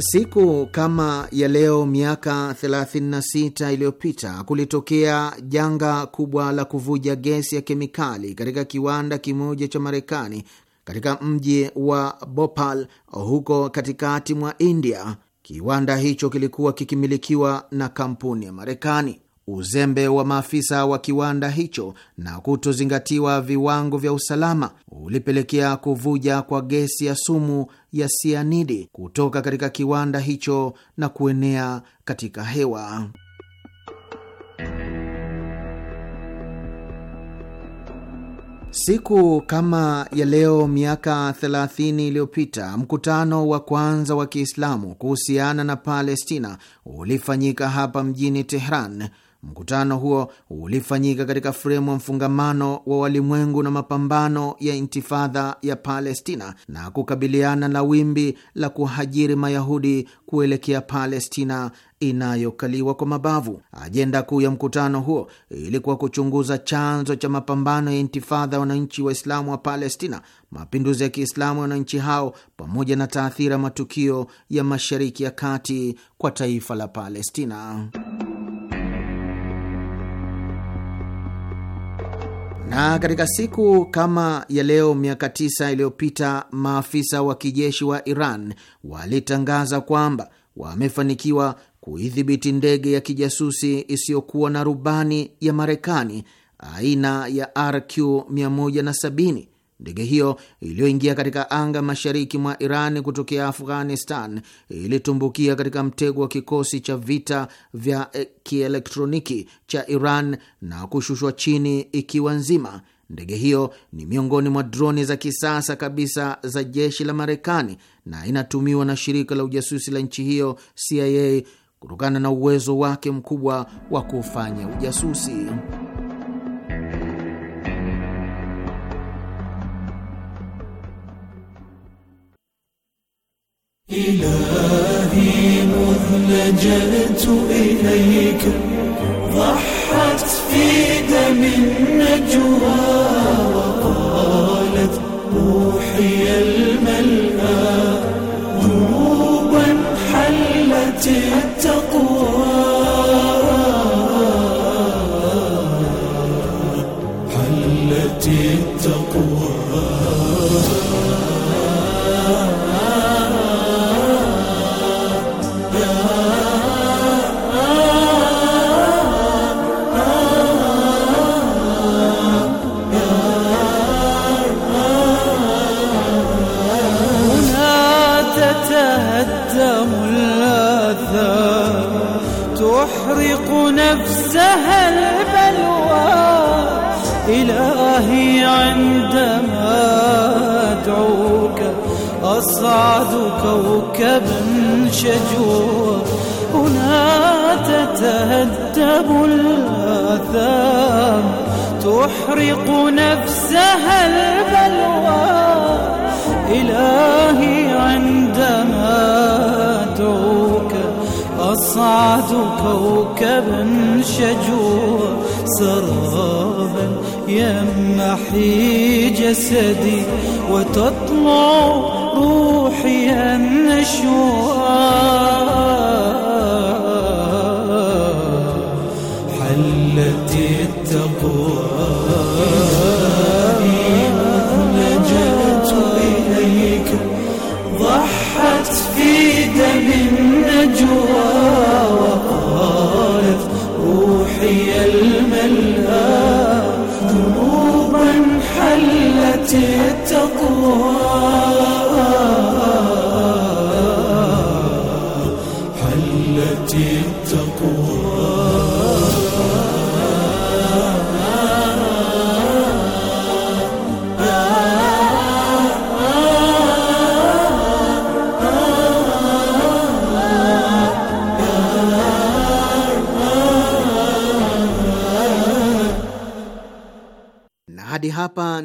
Siku kama ya leo miaka 36 iliyopita kulitokea janga kubwa la kuvuja gesi ya kemikali katika kiwanda kimoja cha Marekani katika mji wa Bhopal huko katikati mwa India. Kiwanda hicho kilikuwa kikimilikiwa na kampuni ya Marekani. Uzembe wa maafisa wa kiwanda hicho na kutozingatiwa viwango vya usalama ulipelekea kuvuja kwa gesi ya sumu ya sianidi kutoka katika kiwanda hicho na kuenea katika hewa. Siku kama ya leo miaka 30 iliyopita mkutano wa kwanza wa Kiislamu kuhusiana na Palestina ulifanyika hapa mjini Tehran Mkutano huo ulifanyika katika fremu ya mfungamano wa walimwengu na mapambano ya intifadha ya Palestina na kukabiliana na wimbi la kuhajiri Mayahudi kuelekea Palestina inayokaliwa kwa mabavu. Ajenda kuu ya mkutano huo ilikuwa kuchunguza chanzo cha mapambano ya intifadha ya wananchi Waislamu wa Palestina, mapinduzi ya Kiislamu ya wananchi hao, pamoja na taathira matukio ya Mashariki ya Kati kwa taifa la Palestina. Na katika siku kama ya leo miaka tisa iliyopita maafisa wa kijeshi wa Iran walitangaza kwamba wamefanikiwa kuidhibiti ndege ya kijasusi isiyokuwa na rubani ya Marekani aina ya RQ 170 Ndege hiyo iliyoingia katika anga mashariki mwa Iran kutokea Afghanistan ilitumbukia katika mtego wa kikosi cha vita vya eh, kielektroniki cha Iran na kushushwa chini ikiwa nzima. Ndege hiyo ni miongoni mwa droni za kisasa kabisa za jeshi la Marekani na inatumiwa na shirika la ujasusi la nchi hiyo CIA kutokana na uwezo wake mkubwa wa kufanya ujasusi. إلهي مذ لجأت إليك ضحت في دم النجوى وقالت روحي تحرق نفسها البلوى إلهي عندما أدعوك أصعد كوكبا شجوا هنا تتهدب الآثام تحرق نفسها البلوى إلهي عندما أدعوك صعد كوكب شجور سرابا يمحي جسدي وتطلع روحي النشوار do